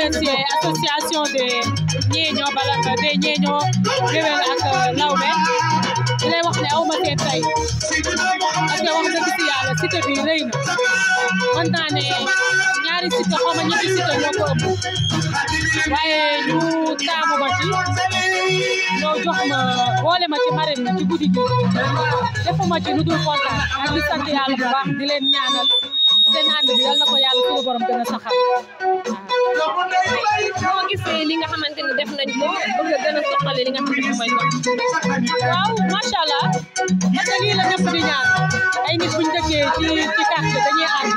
remercier association de ñeeño balak de ñeeño géwél ak euh, lawbe di wax ne aw ma seen wax dëgg si yàlla cité bi na mën naa ñaari cité xaw ma ñetti cité waaye ñu taamu ma ci jox ma boole ma ci marraine bi ci guddi defuma ci lu dul kontaan ak di sant yàlla bu leen ñaanal seen ànd bi yal a saxal li nga xamante ne def nañ ko bëgg a gën a soxale li nga xamante la ñëpp di ñaan ay nit buñ dëkkee ci ci quartier dañuy ànd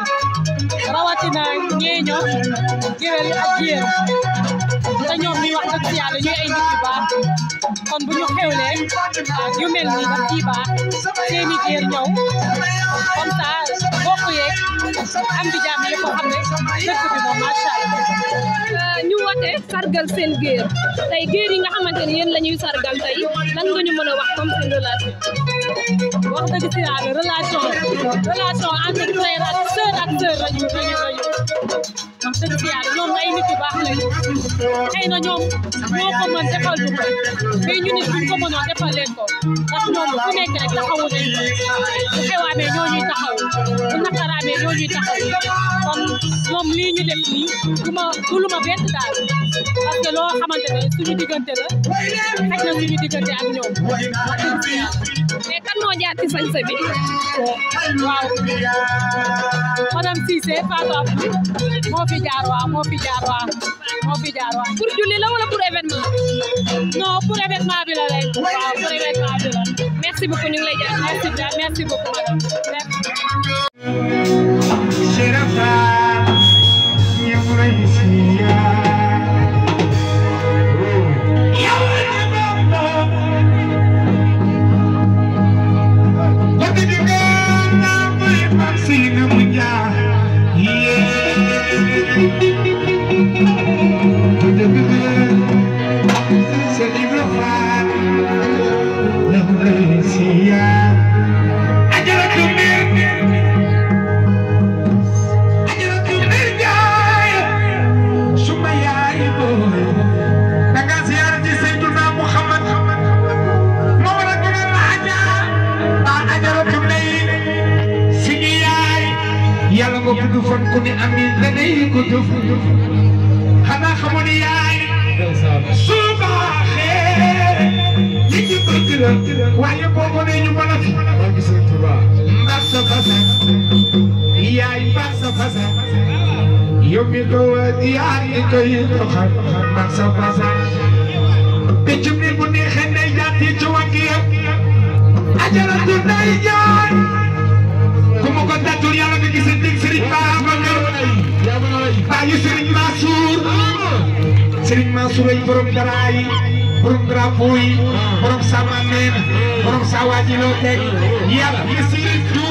rawatina ñeeño géwél ak jéer te ñoom ñuy wax dëgg yàlla ñuy ay nit baax kon bu ñu xewlee yu mel nii daf ciy baax seen i géer ñëw comme ça bokk yeeg am di jàmm yëpp xam ne dëkk bi moom macha allah. Euh, ñu woote sargal seen géer tey géer nga xamante ni yéen la ñuy sargal tey lan nga ñu mën a wax comme seen relation. wax dëgg si relation relation entre frère ak sœur ak sœur la ñu la ñu wax dëgg yàlla ñoom ay nit yu baax lañu xëy na ñoom ñoo ko mën defal lu ko mais ñu nit buñ ko mënoon defal leen ko ndax ñoom ku nekk rek taxawu nañ bu xewaamee ñoo ñuy taxaw bu naqaraamee ñoo ñuy taxaw kon ñoom lii ñu def nii du ma du lu ma bett daal parce que loo xamante ne suñu a la xaj na suñu diggante ak ñoom mais kan moo jaar ci sañse bi waaw madame Cissé Fatou Abdou moo fi waaw moo fi jaar waaw julli la wala pour événement non pour événement bi la rek waaw pour événement bi la merci beaucoup ñu lay jaar merci merci beaucoup madame يومك وديارك يتخن بسا بسا بجمري بني خني جاتي جواكي أجرت نيجان كم قد تقول يا ربي كسنتك سريك بابا بايو سريك ماسور سريك ماسور أي برم دراي برم درافوي برم سامانين برم سواجي لوتك يا بي سريك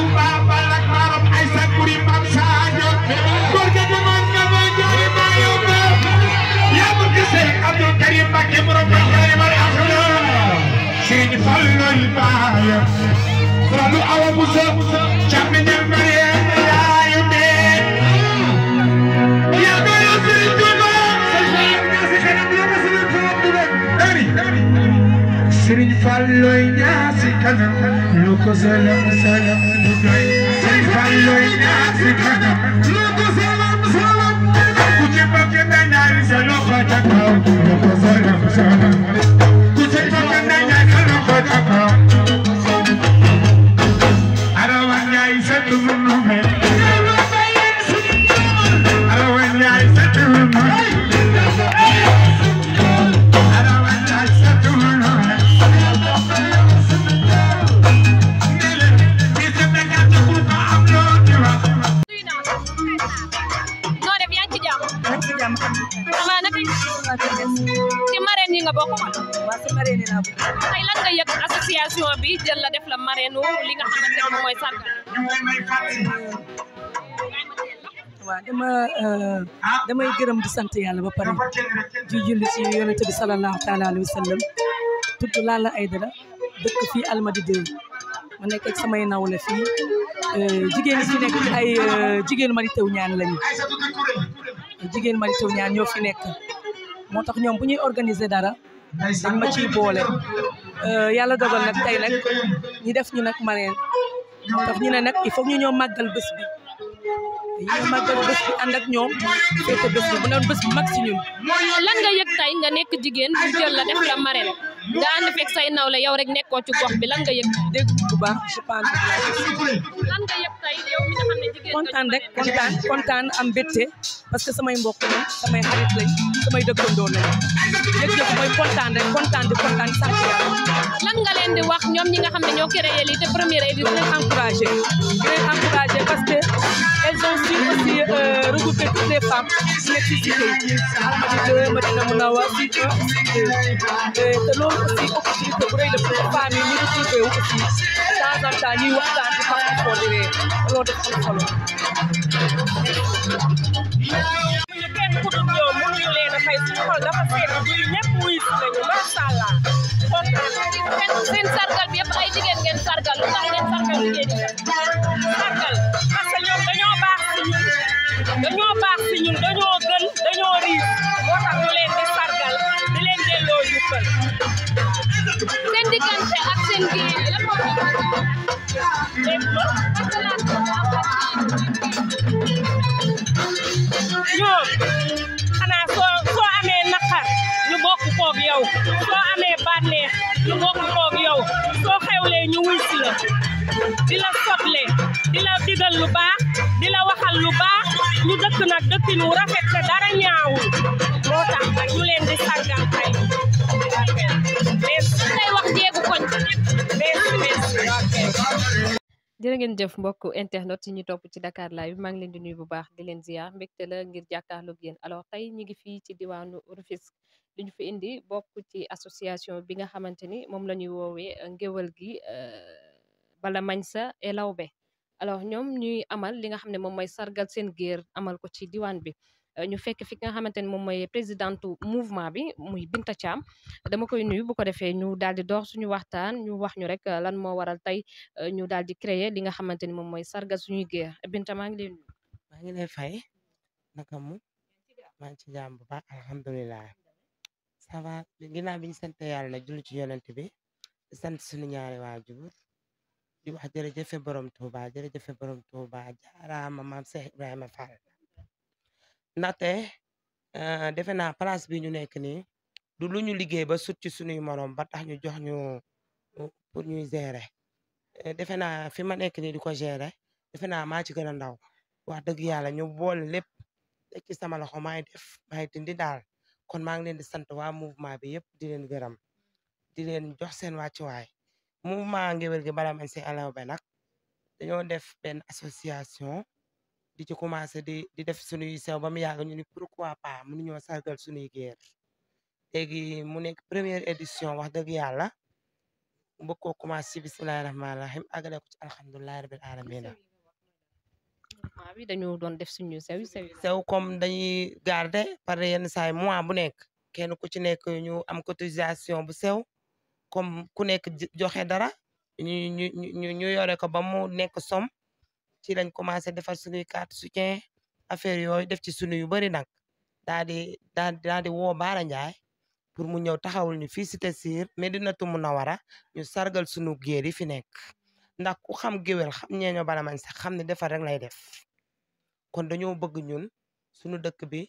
حاكم رب الخير والأخلاق سيد فلو الباية فلو أو بوسا شامن المريم يا يمين يا بيا سيد سرين فالوي ناسي كنم لوكو سلام سلام لوكو سرين فالوي ناسي كنم fataka da kasar da fasana ku sai ta wannan ya kana fataka waaw dama euh, damay gërëm di sant yàlla ba pare di julli ci yonent bi salallaahu taala alayhi wa sallam tudd Lalla Aidara dëkk fii Almadies deux ma nekk ak samay nawle fii euh, jigéen ñi fi nekk ay euh, jigéen Mary Teuw ñaan lañu jigéen Mary Teuw Niane ñoo fi nekk moo tax ñoom bu ñuy organiser dara dañ ma ciy boole yàlla dogal nag tey nag ñi def ñu nag marraine moo tax ñu ne nag il faut ñu ñoo màggal bés bi ñu màggal bés bi ànd ak ñoom féete bés bi bu bés bu ñun. lan nga yëg tey nga nekk jigéen bu jël la def la marraine. nga ànd fekk say nawle yow rek nekkoo ci gox bi lan nga yëg. dégg bu baax je pense lan nga yëg tey yow rek kontaan kontaan am mbégte parce que samay mbokk lañ samay xarit lañ samay dëkkandoo lañ yëg-yëg mooy kontaan rek kontaan di kontaan sant yàlla. lan nga leen di wax ñoom ñi nga xam ne ñoo créé lii première édition. di leen encouragé di leen encouragé parce que elles ont su aussi euh, regrouper toutes les femmes nekk ci cité yi. Almadies Madina aussi opportunité bu rëy la pour femmes yi ñu retrouvé wu aussi de temps en temps ñuy waxtaan di fàttalikoo di ree loolu def am solo muñu kenn ku dul yow mënuñu leen a fay suñu xol dafa seen buy ñëpp wuy si nañu macha allah kontaan seen sargal bi yëpp ay jigéen ngeen sargal lu tax ngeen sargal jigéen ñi sargal parce que ñoom dañoo baax si ñun dañoo baax si ñun dañoo ñoom xanaa soo soo amee naqar ñu bokk koog yow soo amee bànneex ñu bokk koog yow soo xewlee ñu wuy la di la soble di la digal lu baax di la waxal lu baax ñu dëkk nag dëkkin rafet te dara ñaawul jërë ngeen jëf mbokku internet yi ñu topp ci Dakar Live maa ngi leen di bu baax di leen ziar mbégte la ngir jàkkaarloog yéen alors tey ñu ngi fii ci diwaanu Rufisque li ñu fi indi bokk ci association bi nga xamante ni moom la ñuy woowee euh, ngéwal gi euh, bala mañsa et lawbe alors ñoom ñuy amal li nga xam ne moom mooy sargal seen géer amal ko ci diwaan bi Euh, ñu fekk fi nga xamante ne moom mooy présidentu mouvement bi muy Binta Thiam dama koy nuyu bu ko defee ñu daal di dox suñu waxtaan ñu wax ñu rek lan moo waral tey euh, ñu daal di créer li nga xamante ni moom mooy sargal suñuy géer Binta maa ngi lay maa ngi lay fay naka mu maa ngi ci jàmm bu baax alhamdulilah ça va ginnaaw bi ñu sant yàlla na julli ci yonent bi sant suñu ñaari waajur di wax jërëjëfe borom Touba jërëjëfe borom Touba jaaraama maam Cheikh Ibrahima Fall. ndaxte euh, defe naa place bi ñu nekk nii du lu ñu liggéey ba sut ci suñuy morom ba ñu jox ñu euh, pour ñuy gérer euh, defe naa fi ma nekk nii di ko gérer defe naa maa ci gën a ndaw wax dëgg yàlla ñu bool lépp teg ci sama loxo maay def maay dindi daal kon maa ngi leen di sant waa mouvement bi yëpp di leen gërëm di leen jox seen wàccuwaay mouvement Ngéwél gi bala men si alaw be nag dañoo def benn association di ci di di def suñuy sew ba mu yàgg ñu ni pourquoi pas mënuñoo sargal suñuy guerre léegi mu nekk première édition wax dëgg yàlla bëgg koo commencé ci bismillahi rahmaani rahim àggale ko ci alhamdulilahi rabil alamina bi dañu doon def suñu sew sew sew comme dañuy garder par yenn saay mois bu nekk kenn ku ci nekk ñu am cotisation bu sew comme ku nekk joxe dara ñu ñu ñu ñu ci lañ commencé defar suñuy carte soutien affaire yooyu def ci sunu yu bëri nag daa di woo Baara Ndiaye pour mu ñëw taxawul ñu fii Cité Sir Medinatu Munawara ñu sargal sunu géer yi fi nekk ndax ku xam géwél xam ñeeño bala mañ sax xam ne defar rek lay def kon dañoo bëgg ñun sunu dëkk bi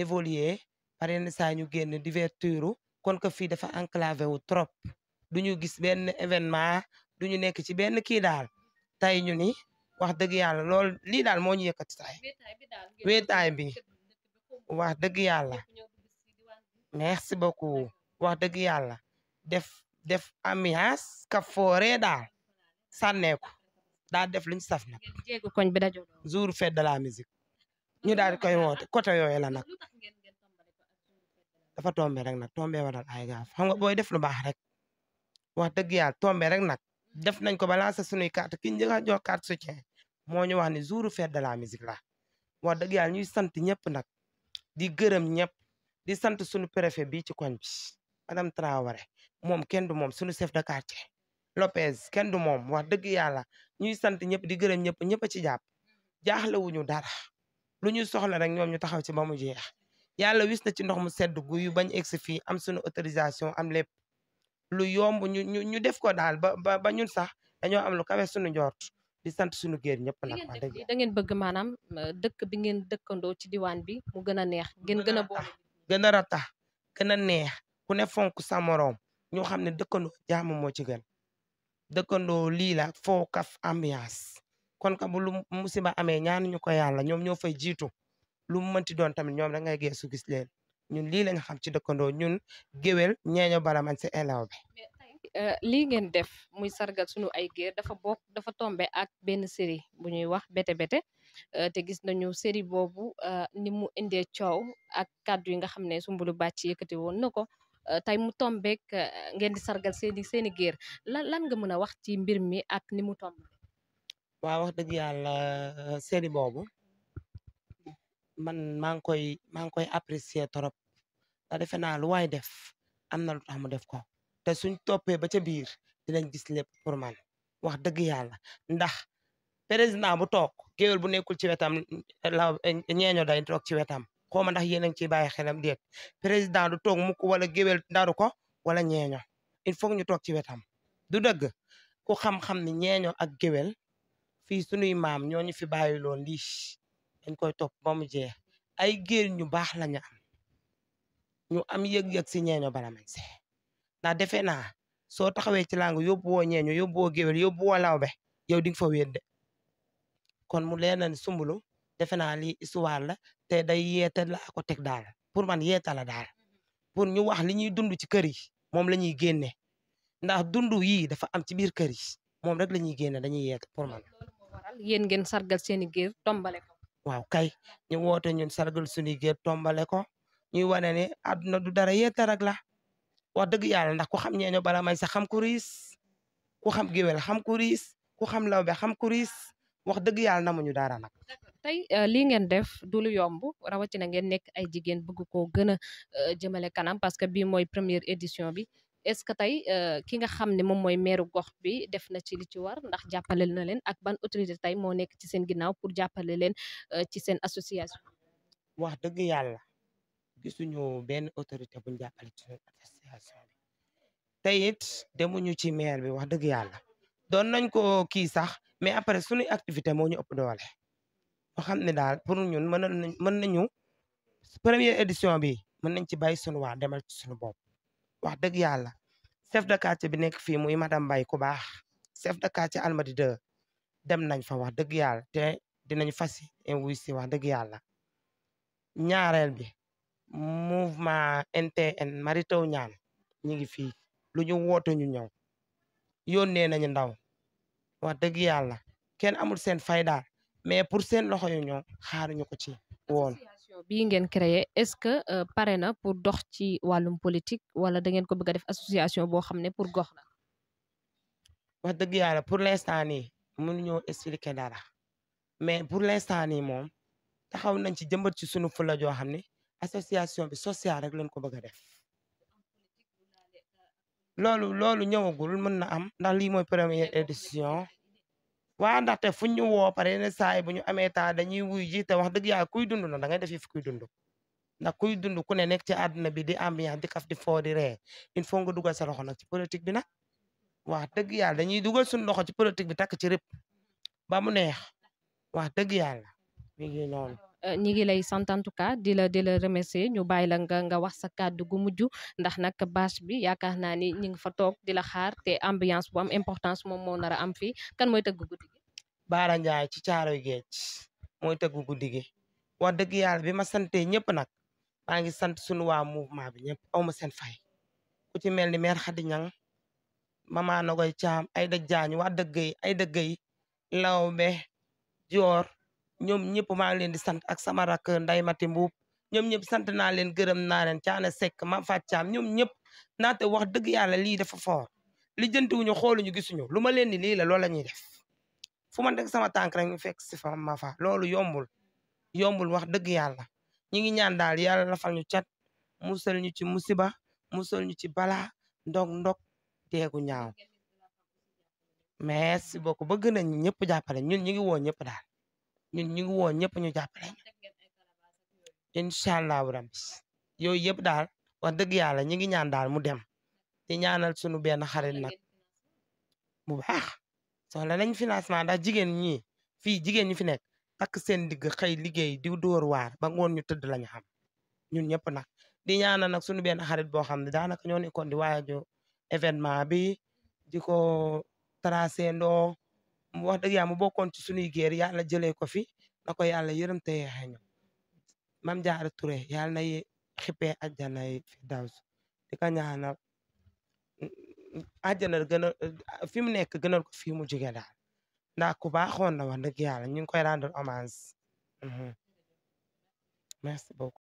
évoluer pare na saa ñu génn divertiru kon que fii dafa enclavé wu trop du ñu gis benn événement du ñu nekk ci benn kii daal tey ñu wax dëgg yàlla loolu lii daal moo ñu yëkkati saay wéetaay bi wax dëgg yàlla merci beaucoup wax dëgg yàlla def def ambiance ka foore daal sànneeku daal def luñ saf nag jour fête de la musique ñu daal di koy woote côté yooyu la nag dafa tombe rek nag tombe waral ay gaaf xam nga mm. booy def lu baax rek wax dëgg yàlla tombe rek nag mm. def nañ ko ba lancer sunuy carte ki njëkk a jox carte moo ñu wax ne jour fête de la musique la wax dëgg yàlla ñuy sant ñëpp nag di gërëm ñëpp di sant suñu préfet bi ci koñ bi madame Traoré moom kenn du moom suñu chef de quartier Lopez kenn du moom wax dëgg yàlla ñuy sant ñëpp di gërëm ñëpp ñëpp a ci jàpp jaaxlewuñu dara lu ñu soxla rek ñoom ñu taxaw ci ba mu jeex yàlla wis na ci ndox mu sedd gu yu bañ egsi fii am suñu autorisation am lépp lu yomb ñu ñu def ko daal ba ba ñun sax dañoo am lu kawe suñu njort di sant suñu géer ñëpp nag wax dëgg da ngeen bëgg maanaam euh, dëkk bi ngeen dëkkandoo ci diwaan bi mu gën a neex ngeen gën a boole gën a ratax gën a neex ku ne fonk sa moroom ñoo xam ne dëkkandoo jaam moo ci gën dëkkandoo lii la foo kaf ambiance kon ka bu lu musiba amee ñaanuñu ko yàlla ñoom ñoo fay jiitu lu mu mënti doon tamit ñoom da ngay geesu gis leen ñun lii lañ xam ci dëkkandoo ñun géwél ñeeño baraman si elaw bi Eh, lii ngeen def muy sargal sunu ay géer dafa bokk dafa tombe ak benn série bu ñuy wax bete bete eh, te gis nañu série boobu eh, ni mu indee coow ak kàddu yi nga xam ne Soumboulou Bàcci yëkkati woon na ko tey mu tombeek ngeen di sargal seeni seeni géer lan lan nga mën a wax ci mbir mi ak ni mu tomb waaw wax dëgg yàlla série boobu man maa ngi koy maa ngi koy apprécier trop da defe naa lu def am na lu tax mu def ko te suñ toppee ba ca biir dinañ gis lépp pour man wax dëgg yàlla ndax président bu toog géwél bu nekkul ci wetam la ñeeño day toog ci wetam xaw ma ndax yéen a ngi ciy bàyyi xelam déet président du toog mukk wala géwél ndaru ko wala ñeeño il faut ñu toog ci wetam du dëgg ku xam-xam ni ñeeño ak géwél fii sunuy maam ñoo ñu fi bàyyi loon lii dañ koy topp ba mu jeex ay géer ñu baax la ñu am ñu am yëg-yëg si ñeeño bala mañ see ndax defe naa soo taxawee ci làng yóbbu woo ñeeño yóbbu woo géwél yóbbu woo lawbe yow di nga fa wéet de kon mu leer na ne sumbulu defe naa lii histoire la te day yeete laa ko teg daal pour man yeeta la daal pour ñu wax li ñuy dund ci kër yi moom la ñuy génne ndax dund yii dafa am ci biir kër yi moom rek la ñuy génne dañuy yeete pour man. yéen ngeen sargal seeni géer tombale ko. waaw kay ñu woote ñun sargal suñuy géer tombale ko ñuy wane ne àdduna du dara yeete rek la. wax dëgg yàlla ndax ku xam ñeeño bala may sax xam ku riis ku xam géwél xam ku riis ku xam lawbe xam ku riis wax dëgg yàlla namuñu dara nag. tey euh, lii ngeen def du lu yomb rawatina ngeen nekk ay jigéen bëgg koo gën a euh, jëmale kanam parce que bii mooy première édition bi est-ce que tey euh, ki nga xam ne moom mooy meeru gox bi def na ci li ci war ndax jàppale na leen ak ban autorité tey moo nekk ci seen ginnaaw pour jàppale leen ci seen association. wax dëgg yàlla gisuñu benn autorité buñ jàppale te it demuñu ci maire bi wax dëgg yàlla doon nañ ko kii sax mais après suñuy activité moo ñu ëpp doole ba xam ne daal pour ñun mën nañu mën nañu première édition bi mën nañ ci bàyyi sunu waa demal ci sunu bopp wax dëgg yàlla chef de quartier bi nekk fii muy madame Mbaye ku baax chef de quartier Almadi 2 dem nañ fa wax dëgg yàlla te dinañ fas wuy si wax dëgg yàlla ñaareel bi mouvement NTN Mary Teuw Niane ñu ngi fii lu ñu woote ñu ñëw yónnee nañu ndaw wax dëgg yàlla kenn amul seen faydaal mais pour seen loxo yu ñoom xaaruñu ko ci woon. association bii ngeen créé est-ce que euh, pare na pour dox ci wàllum politique wala da ngeen ko bëgg def association boo xam ne pour gox la. wax dëgg yàlla pour l'instant nii mënuñoo expliquer dara mais pour l'instant nii moom xaw nañ ci jëmbat ci sunu fula joo xam ne association bi social rek lañ ko bëgg a def. loolu loolu ñëwagul mën na am ndax lii mooy première édition waa ndaxte fu ñu woo pare yenn saa yi bu ñu amee taa dañuy wuy ji te wax dëgg yàlla kuy dund na da ngay def fi kuy dund ndax kuy dund ku ne nekk ci àdduna bi di ambiance di kaf di foo di ree il faut nga dugal sa loxo nag ci politique bi nag wax dëgg yàlla dañuy dugal suñu loxo ci politique bi takk ci rëpp ba mu neex wax dëgg yàlla mi ngi noonu Euh, ñi ngi lay sant en tout cas di la di la ñu bàyyi la nga nga wax sa kàddu gu mujj ndax nag bâche bi yaakaar naa ni ñi ngi fa toog di la xaar te ambiance bu am importance moom moo nara a am fii kan mooy tëgg guddi gi Baara Ndiaye ci caaroy géej mooy tëgg guddi gi wax dëgg yàlla bi ma sante ñëpp nag maa ngi sant sunu waa mouvement bi ñëpp aw ma seen fay ku ci mel ni maire Khady Niang mama Nogoy Caam ay dëj jaañ waa dëgg yi ay dëgg yi lawbe joor ñoom ñëpp maa ngi leen di sant ak sama rakk Mati Mbuub ñoom ñëpp sant naa leen gërëm naa leen caana sekk ma fàccaam ñoom ñëpp naate wax dëgg yàlla lii dafa foor li jëntiwuñu xooluñu gisuñu lu ma leen ni lii la loolu la ñuy def fu ma teg sama tànk rek ñu fekk si fa ma fa loolu yombul yombul wax dëgg yàlla ñi ngi ñaan daal yàlla lafal ñu cat musal ñu ci musiba musal ñu ci balaa ndog ndog deegu ñaaw merci beaucoup bëgg nañ ñëpp jàppale ñun ñi ngi woo ñëpp daal ñun ñu ngi woon ñëpp ñu jàppale incha allahu rabbi yooyu yëpp daal wax dëgg yàlla ñu ngi ñaan daal mu dem di ñaanal sunu benn xarit nag bu baax soxla nañ financement daal jigéen ñi fii jigéen ñi fi nekk takk seen digg xëy liggéey di dóor waar ba ngoon ñu tëdd lañu xam ñun ñëpp nag di ñaanal nag sunu benn xarit boo xam ne daanaka ñoo nekkoon di waajoo événement bi di ko tracé ndoo mu wax dëgg yàlla mu bokkoon ci sunuy géer yàlla jëlee ko fi na ko yàlla yërëm te yeexe ñu mam jaara Touré yàlla na xippee àjjana yi fi daw si di ko ñaanal àjjana gën a fi mu nekk gënal ko fi mu jóge daal ndax ku baaxoon na wax dëgg yàlla ñu ngi koy rendre hommage mhm. merci beaucoup